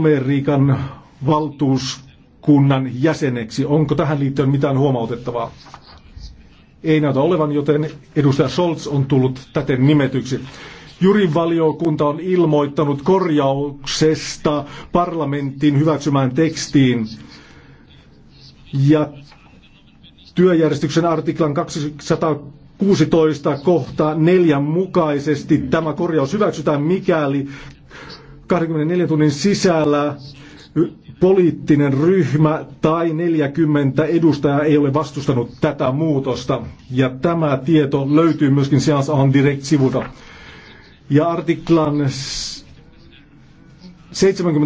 Amerikan valtuuskunnan jäseneksi. Onko tähän liittyen mitään huomautettavaa? Ei näytä olevan, joten edustaja Scholz on tullut täten nimetyksi. Jurin valiokunta on ilmoittanut korjauksesta parlamentin hyväksymään tekstiin. Ja työjärjestyksen artiklan 216 kohta 4 mukaisesti tämä korjaus hyväksytään, mikäli 24 tunnin sisällä poliittinen ryhmä tai 40 edustajaa ei ole vastustanut tätä muutosta. Ja tämä tieto löytyy myöskin Seance on Direct-sivulta. Ja artiklan 70.